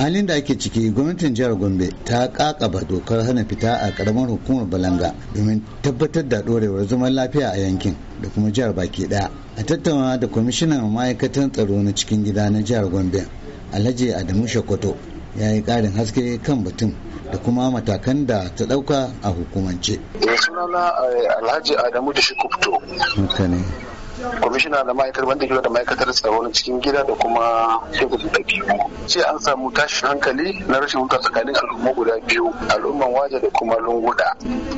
halin da ake ciki gwamnatin jihar gombe ta kakaba dokar hana fita a karamar hukumar balanga domin tabbatar da dorewar zaman lafiya a yankin da kuma jihar baki daya a tattauna da kwamishinan ma'aikatan tsaro na cikin gida na jihar gombe alhaji adamu shakoto ya yi karin haske kan batun da kuma matakan da ta dauka a hukumance eh, sunana eh, alhaji adamu da kubto. kwamishina da ma'aikatar wanda ke da ma'aikatar tsaro na cikin gida da kuma tebutu da biyu ce an samu tashin hankali na rashin wuta tsakanin al'umma guda biyu al'umman waje da kuma lunguda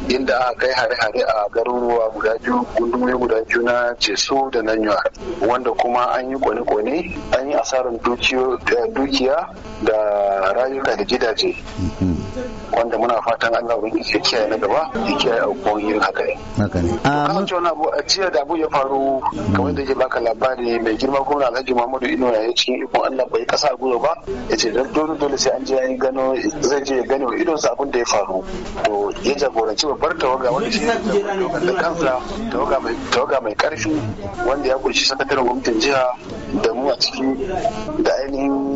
inda aka kai hare-hare a garuruwa guda biyu gundumai guda biyu na ceso da na wanda kuma an yi kone-kone an yi asarar eh, dukiya da rayuka da gidaje mm-hmm. wanda muna fatan Allah ubangiji ya kiyaye na gaba ya kiyaye aukuwan haka ne haka ne a mun ce abu a jiya da abu ya faru hmm. kamar da ke baka labari mai girma na Alhaji Muhammadu Ino ya yi cikin ikon Allah bai kasa gudu ba ya ce dole dole sai an je ya gano zai je ya gane wa idonsa abin da ya faru to ya jagoranci babbar tawaga wanda shi ne da kansa tawaga mai karfi wanda ya kunshi sakataren gwamnatin jiha da mu a ciki da ainihin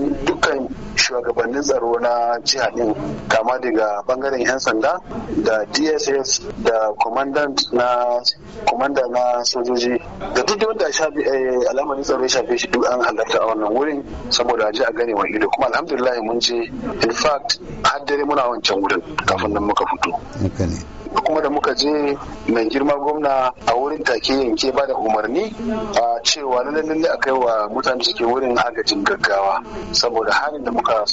shugabannin tsaro na jiha din kama daga bangaren 'yan sanda da dss da commandant na kumanda na sojoji da duk da wanda eh, alamar nisan ya shafe shi duk an halarta a wannan wurin saboda a ji a gane wani ido kuma alhamdulillah mun je in fact har dare muna wancan wurin kafin nan muka fito kuma da muka je mai girma gwamna a wurin take yanke ba da umarni a cewa na lalle a kai wa mutane suke wurin agajin gaggawa saboda halin da muka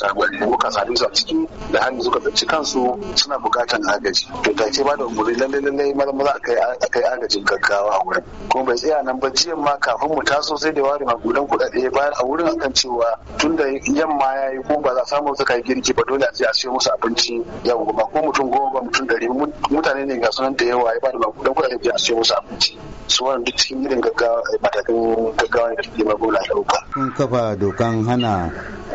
muka sami su a ciki da halin suka tsaci kansu suna bukatan agaji to take ba da umarni lalle lalle maza maza a kai agaji agajin gaggawa a wurin kuma bai tsaya nan ba jiyan ma kafin mu taso sai da ware magudan kuɗaɗe bayan a wurin akan cewa tun da yamma ya yi ko ba za samu su kai girki ba dole a je a siyo musu abinci yau ba ko mutum goma ba mutum ɗari mutane ne ga sunan da yawa ya ba da magudan kuɗaɗe a siyo musu abinci su wannan duk cikin irin gaggawa eh, matakan gaggawa ne da suke magola da Kun kafa dokan hana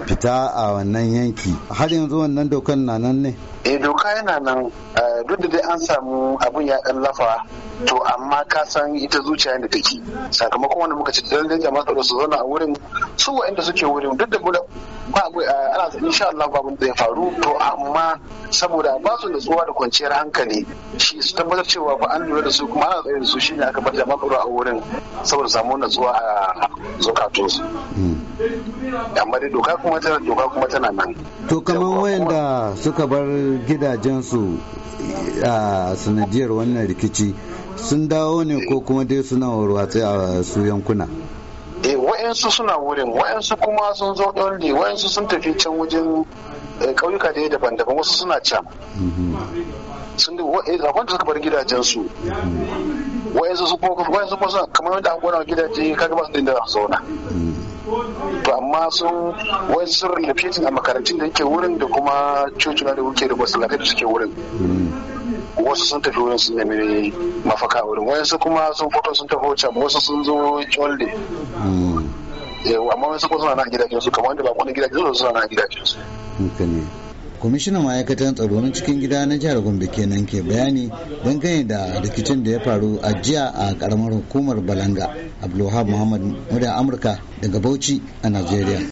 fita a wannan yanki har yanzu wannan dokan na nan ne eh doka yana nan eh, duk da dai an samu abun ya dan lafa to amma ka san ita zuciya da take sakamakon wanda muka ci dalilin jama'a tsaro su zauna a wurin su wa'anda suke wurin duk da ba eh, ana insha Allah ba da ya faru to amma saboda ba su nutsuwa da kwanciyar hankali shi su tabbatar cewa ba an lura da su kuma ana tsaye da su shine aka bar da makaro a wurin saboda samu nutsuwa a zukatun su hmm. amma dai doka kuma tana doka kuma tana nan to kamar wayanda suka bar gidajensu a sanadiyar wannan rikici sun dawo ne ko kuma dai suna warwatse a su yankuna wayansu suna wurin wayansu kuma sun zo ɗonli wayansu sun tafi can wajen eh, ƙauyuka da daban-daban wasu suna can sun eh, da da suka bar gidajensu wayansu su kuma suna kamar yadda an gona gidaje kaga ba su da inda za su zauna to amma sun wayansu sun rilafitin a makarantun da yake wurin da kuma cocina da wuke da masallatai da suke wurin wasu sun tafi wurin sun nemi mafaka wurin wasu kuma sun fito sun tafi wacce wasu sun zo kyolde yawa amma wasu kuma suna nan gidajen su kamar da ba gidajen su suna nan gidajen su kwamishinan ma'aikatan tsaro na cikin gida na jihar gombe kenan ke bayani dangane da rikicin da ya faru a jiya a karamar hukumar balanga abdulwahab muhammad muda amurka daga bauchi a nigeria